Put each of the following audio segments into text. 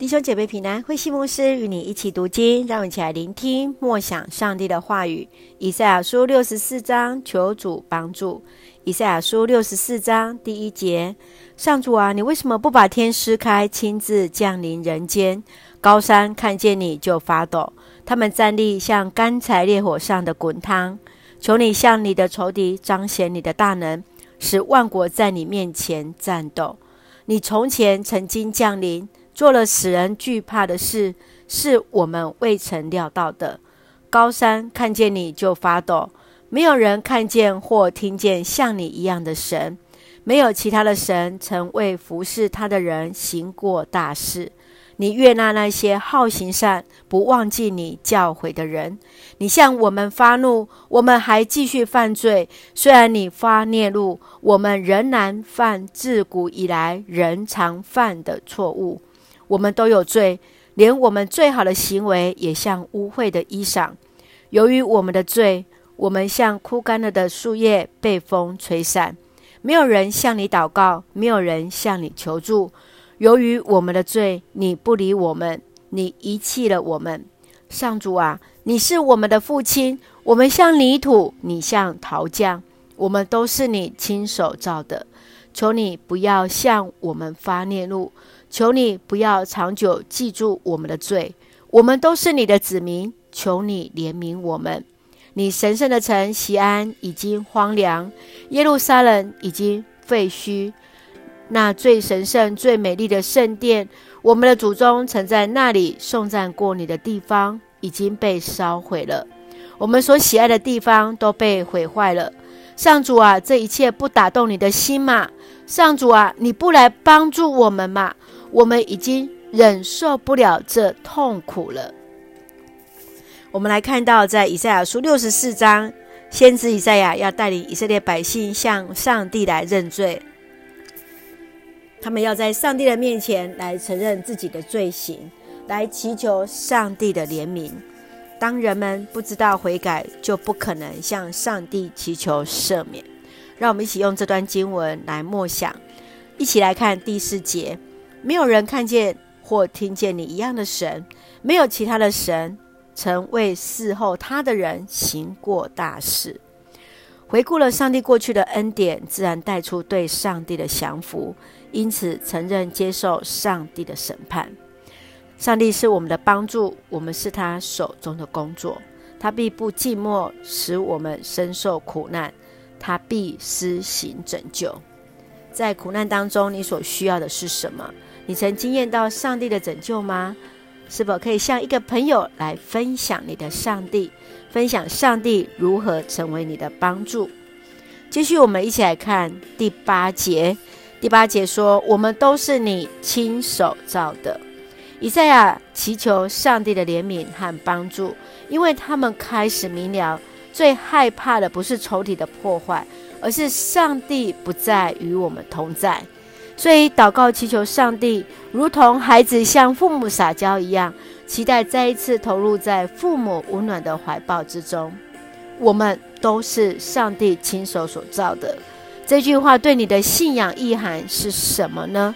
弟兄姐妹平安，慧馨牧師與你一起讀經，讓我們一起來聆聽默想上帝的話語。以賽亞書六十四章，求主幫助。以賽亞書六十四章第一節：上主啊，你為什麼不把天撕開，親自降臨人間？高山看見你就發抖，它們戰慄像乾柴烈火上的滾湯。求你向你的仇敵彰顯你的大能，使萬國在你面前顫抖。你從前曾經降臨。做了使人懼怕的事，是我們未曾料到的。高山看見你就發抖，沒有人看見或聽見像你一樣的神。沒有其他的神曾為服侍他的人行過大事。你悅納那些好行善、不忘記你教誨的人。你向我們發怒，我們還繼續犯罪。雖然你發烈怒，我們仍然犯自古以來人常犯的錯誤。我們都有罪，連我們最好的行為也像汙穢的衣裳。由於我們的罪，我們像枯乾了的樹葉被風吹散。沒有人向你禱告，沒有人向你求助。由於我們的罪，你不理我們，你遺棄了我們。上主啊，你是我們的父親，我們像泥土，你像陶匠，我們都是你親手造的。求你不要向我們發烈怒，求你不要長久記住我們的罪。我們都是你的子民，求你憐憫我們。你神聖的城錫安已經荒涼，耶路撒冷已經廢墟。那最神聖、最美麗的聖殿，我們的祖宗曾在那裡頌讚過你的地方，已經被燒毀了。我們所喜愛的地方都被毀壞了。上主啊，這一切不打動你的心嗎？上主啊，你不來幫助我們嗎？我們已經忍受不了這痛苦了。我們來看到，在以賽亞書六十四章，先知以賽亞要帶領以色列百姓向上帝來認罪，他們要在上帝的面前來承認自己的罪行，來祈求上帝的憐憫。當人們不知道悔改，就不可能向上帝祈求赦免。讓我們一起用這段經文來默想，一起來看第四節：沒有人看見或聽見你一樣的神，沒有其他的神曾為伺候他的人行過大事。回顧了上帝過去的恩典，自然帶出對上帝的降服，因此承認接受上帝的審判。上帝是我們的幫助，我們是他手中的工作。他必不寂寞，使我們深受苦難；他必施行拯救。在苦難當中，你所需要的是什麼？你曾經驗到上帝的拯救嗎？是否可以向一個朋友來分享你的上帝，分享上帝如何成為你的幫助？繼續，我們一起來看第八節。第八節說：“我們都是你親手造的。”以賽亞祈求上帝的憐憫和幫助，因為他們開始明了，最害怕的不是仇敵的破壞，而是上帝不再與我們同在。所以禱告祈求上帝，如同孩子向父母撒嬌一樣，期待再一次投入在父母溫暖的懷抱之中。我們都是上帝親手所造的。這句話對你的信仰意涵是什麼呢？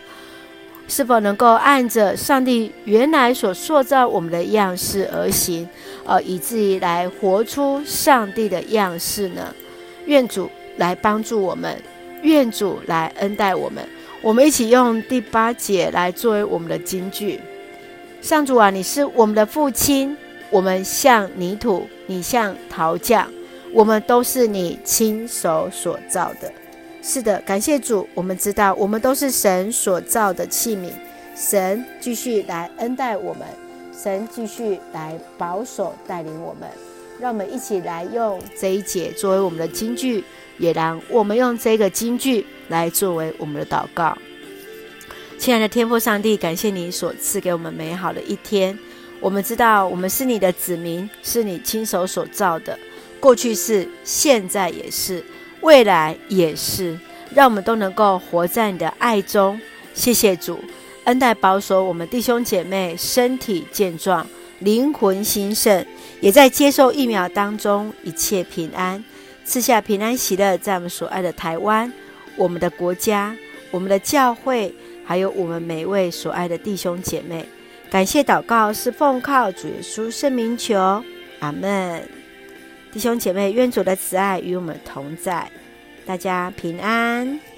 是否能夠按着上帝原來所塑造我們的樣式而行，呃，以至於來活出上帝的樣式呢？願主來幫助我們，願主來恩待我們。我們一起用第八節來作為我們的金句：上主啊，你是我們的父親，我們像泥土，你像陶匠，我們都是你親手所造的。是的，感謝主，我們知道我們都是神所造的器皿。神繼續來恩待我們，神繼續來保守帶領我們。讓我們一起來用這一節作為我們的金句，也讓我們用這個金句來作為我們的禱告。親愛的天父上帝，感謝你所賜給我們美好的一天。我們知道我們是你的子民，是你親手所造的，過去是，現在也是。未來也是，讓我們都能夠活在你的愛中。謝謝主，恩待保守我們弟兄姐妹身體健壯，靈魂興盛，也在接受疫苗當中一切平安，賜下平安喜樂，在我們所愛的台灣，我們的國家，我們的教會，還有我們每位所愛的弟兄姐妹。感謝禱告是奉靠主耶穌聖名求，阿門。弟兄姐妹，願主的慈愛與我們同在，大家平安。